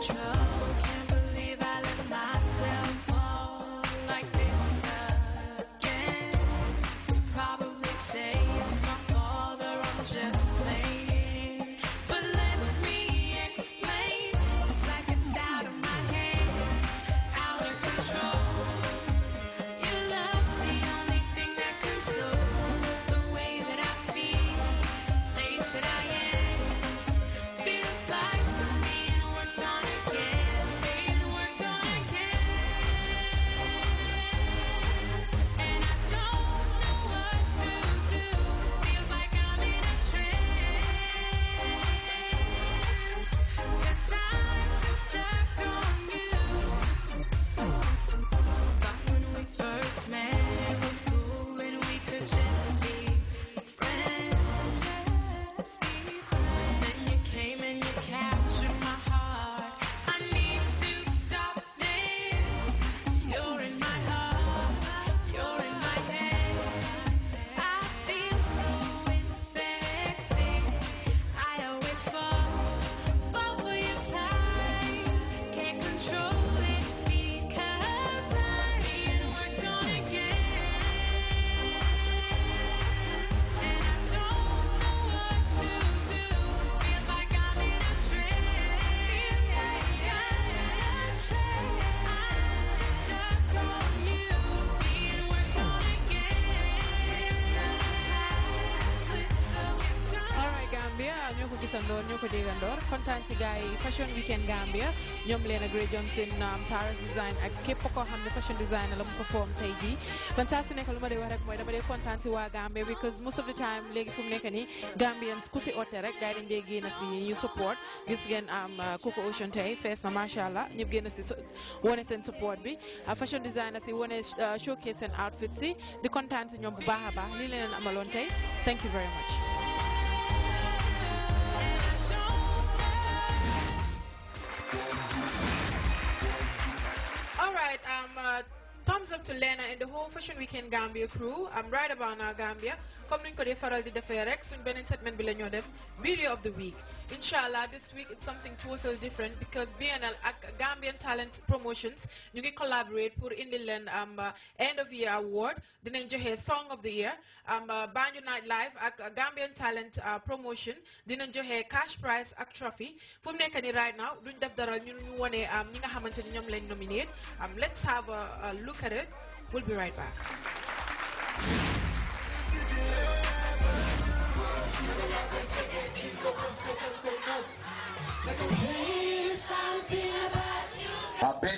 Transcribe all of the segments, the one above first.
try. Gambia ñoo ko ko déggandoor kontaan ci gars yi fashion weekend Gambia ñoom leen a Grey Johnson um, Paris design ak képp koo xam ne fashion designer la mu ko foom tey jii man saa su nekk lu ma dee wax rek mooy dama dee kontaan ci waa Gambia because most of the time léegi fu mu nekk nii Gambians ku si oote rek gars yi génn si ñu support gis ngeen um, uh, Coco Ocean tey fees na macha allah ñëpp si wone seen support bi uh, fashion designer si wone uh, showcase seen outfit si di kontaan si ñoom bu baax a baax lii leen amaloon tey right, um, uh, thumbs up to Lena and the whole Fashion Weekend Gambia crew. I'm right about now, Gambia comme niñ ko dee faral di defee rek suñ beneen segment bi def video of the week inshallah this week it's something totally different because BNL ak Gambian Talent Promotions ñu ngi collaborate pour indi am um, uh, end of year award dinañ joxe song of the year am um, uh, Banjul Night Live ak Gambian Talent uh, Promotion dinañ joxe cash prize ak trophy fu nekk nii right now duñ def dara ñu ñu wone am um, ñi nga lañ nominate am let's have a look at it we'll be right back.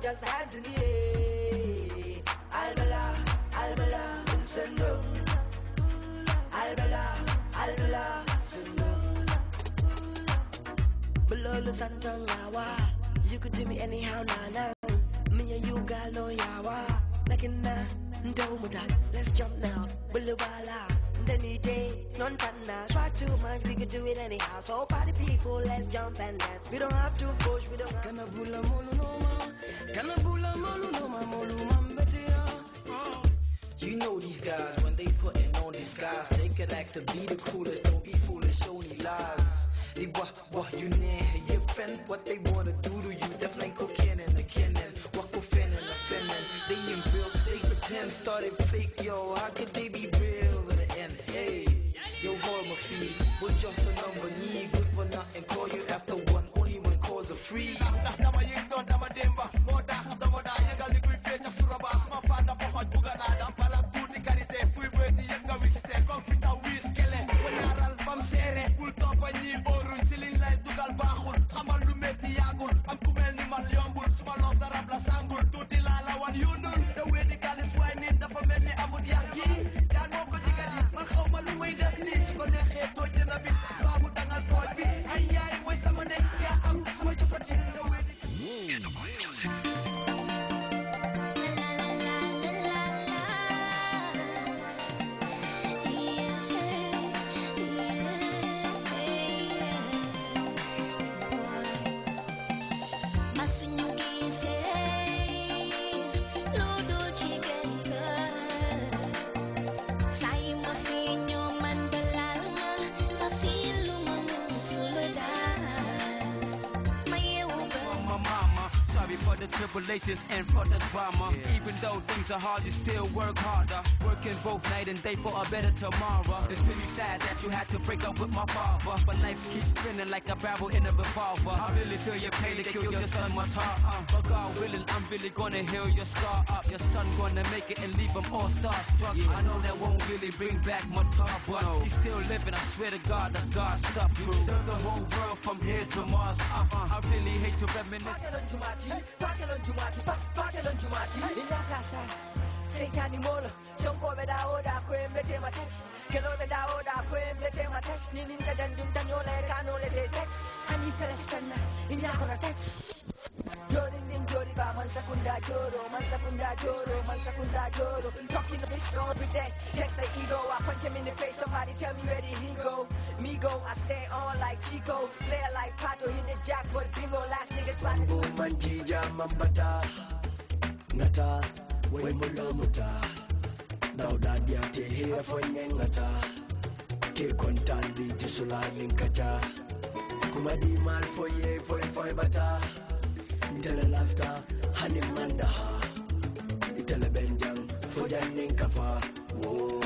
just hands in the air. Albala, Albala, Sendo. Albala, Albala, Sendo. Below the Santangawa, you could do me anyhow, Nana. Me and you got no yawa. Nakina, Ndomuda, let's jump now. Bulubala any day. None partner, try too much, we could do it anyhow. So party people, let's jump and dance. We don't have to push, we don't have to. Kanabula molu no ma, kanabula molu no ma, molu mambatea. You know these guys, when they putting on disguise, they can act to be the coolest. al bajo tribulations and for the drama. Yeah. Even though things are hard, you still work harder. Working both night and day for a better tomorrow. It's really sad that you had to break up with my father. But life keeps spinning like a barrel in a revolver. I really feel your pain to kill your son, my tar. Uh, but God willing, I'm really gonna heal your scar up. Your son gonna make it and leave him all starstruck. Yeah. I know that won't really bring back my tar, but no. he's still living. I swear to God, that's God's stuff. You deserve the whole world from here to Mars. Uh, uh, I really hate to reminisce ơn chủ mà thì phát phát cái ơn chủ say molo sống coi về đau đã quên touch cái lối về đau đã quên touch Ni nín cái đàn chúng ta nhô lệ touch Ani đi phải in touch Göründüm görü ben mansakunda joro Mansakunda joro Mansakunda joro Talking to this all every day Text the ego I punch him in the face Somebody tell me where did he go Me go I stay on like Chico Play like Pato Hit the jackpot bingo Last nigga trying to Manjija mambata Ngata Wemulo muta Daudadi ate Hefanye ngata Ke kontandi Jusulani ngata Kumadi mal foye Foye foye bata Tell laughter, honey, hani Tell Itala benjang fojan ning kafa Whoa.